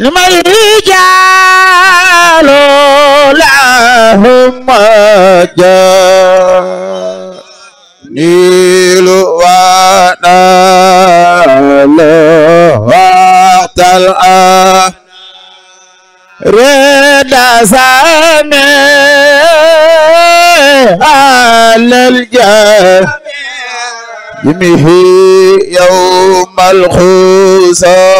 ما الرجال لهم جاء نيل ونال وقت رد سامي على الجاه يمهي يوم الخسار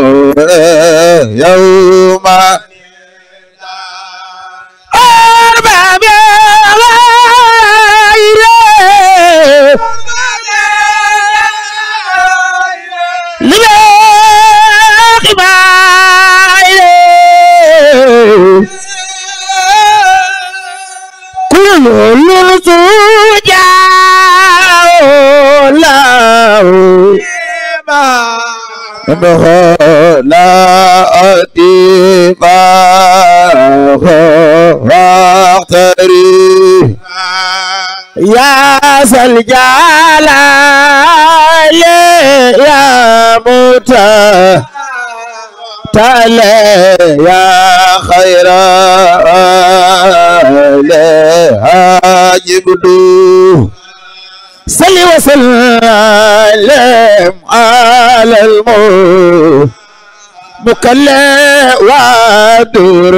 يوم أربع كل سجا لا لا أتفاه واحتري يا سلجالا يا موتا تعالى يا خير لا صل وسلم على الموت بكلا ودور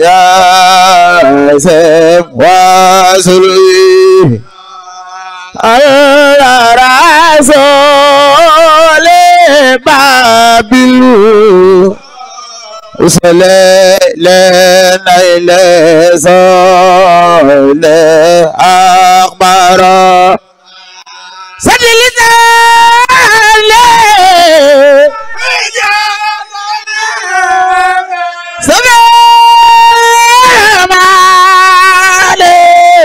يا سيف وسلوي على رسول بابلو وصلى لنا إلى صلى أخباره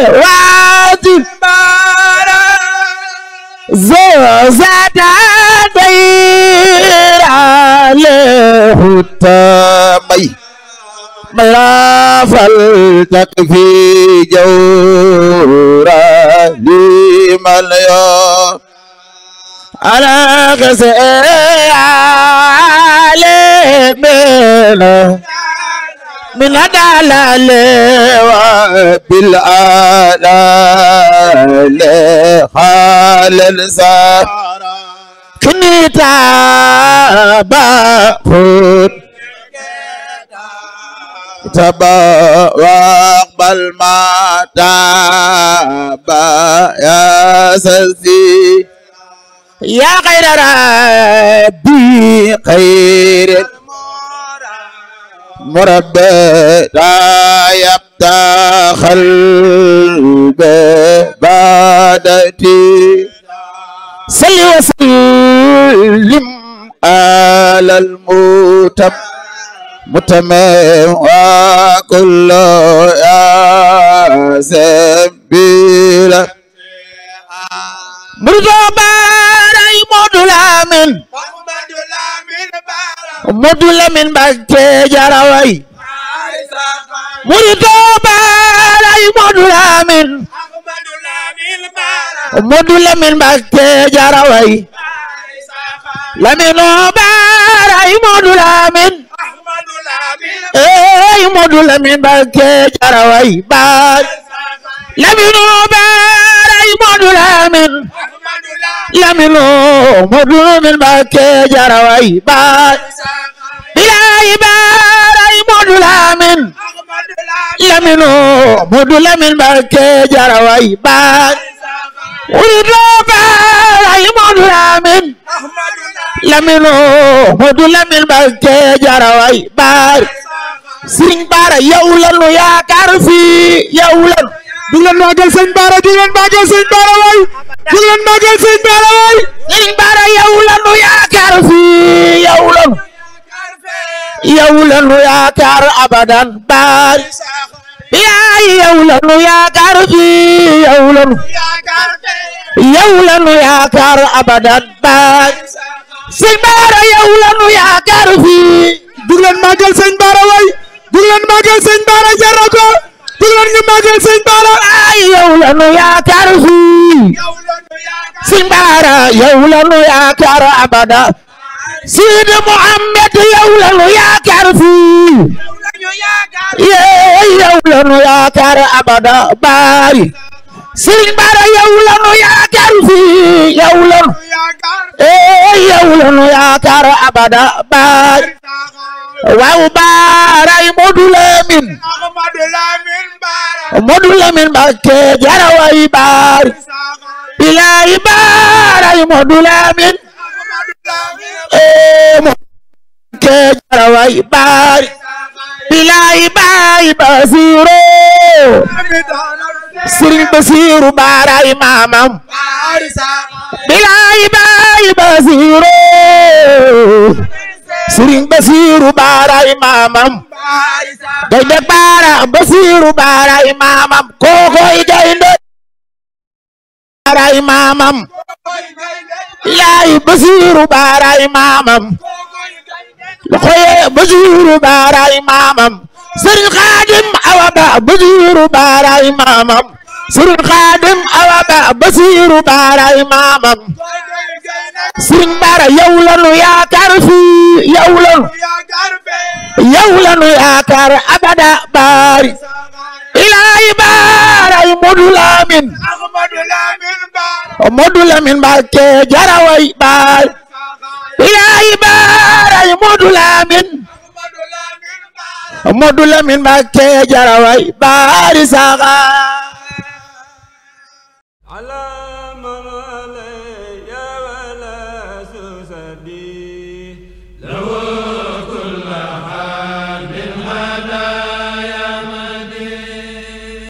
واجب زوزة غير له التمي لا فلتك في جورا لمن يوم على غزال عليه من دلال بالآلال خال الزهر كنيتا باخد تبا واقبل ما تابا يا سلسي يا غير ربي خير مربى لا يبتخل بعدتي صلي وسلم على المتم متم وكل يا سبيل مرضى باري مدلامن محمد لامن باري Modou Lamine Mbacké jaraway jaraway Lamine o baray Modou Lamine ey Modou Lamine Mbacké jaraway laminoo mo dunu min Mbàkke jaraway baay bilaayi baaray Moodu Lamin laminoo Moodu Lamin Mbàkke jaraway baay wuridoo baaray Moodu Lamin laminoo Moodu Lamin Mbàkke jaraway baay Sëriñ Bara yow lanu yaakaar fii yow lanu du leen magal Sëriñ Bara du leen magal Sëriñ Bara way ñu leen màggal sëriñ Baara waay sëriñ Baara fii yow la fii yow la fii dug leen màggal sëriñ Baara waay dug leen màggal sëriñ Baara fii si mbaara yow la nu yaakaar abada Sidi Muhammad yow la nu yaakaar fii yee yow la nu yaakaar abada baari Sëriñ Bara yow la nu yaakaar fii yow la nu eh yow la nu yaakaar abada baay waaw baaray Modu Lamin Modu Lamin Bara Modu Lamin Mbakke jarawaay baari Ilaahi baaray Modou Lamine ee eh, mo ke baari Ilaahi baay Basiru Sëriñ Basiru baaray maamam Ilaahi baay Basiru Sëriñ Basiru baaray maamam gaynde baara Basiru baaray maamam kokoy gaynde baaraay maamam yaay basiiru baaraay maamam loxoye basiiru baaraay maamam sëriñ xaadim awa ba basiiru baaraay maamam sëriñ xaadim awa ba basiiru baaraay maamam sëriñ baara yow lanu yaakaar fii yow lanu yow lanu yaakaar abada baari ilaahi baaraay modu laamin Modou Lamine Mbacké jaraway baay bilaay baaray Modou Lamine Modou Lamine Mbacké jaraway baari saxaar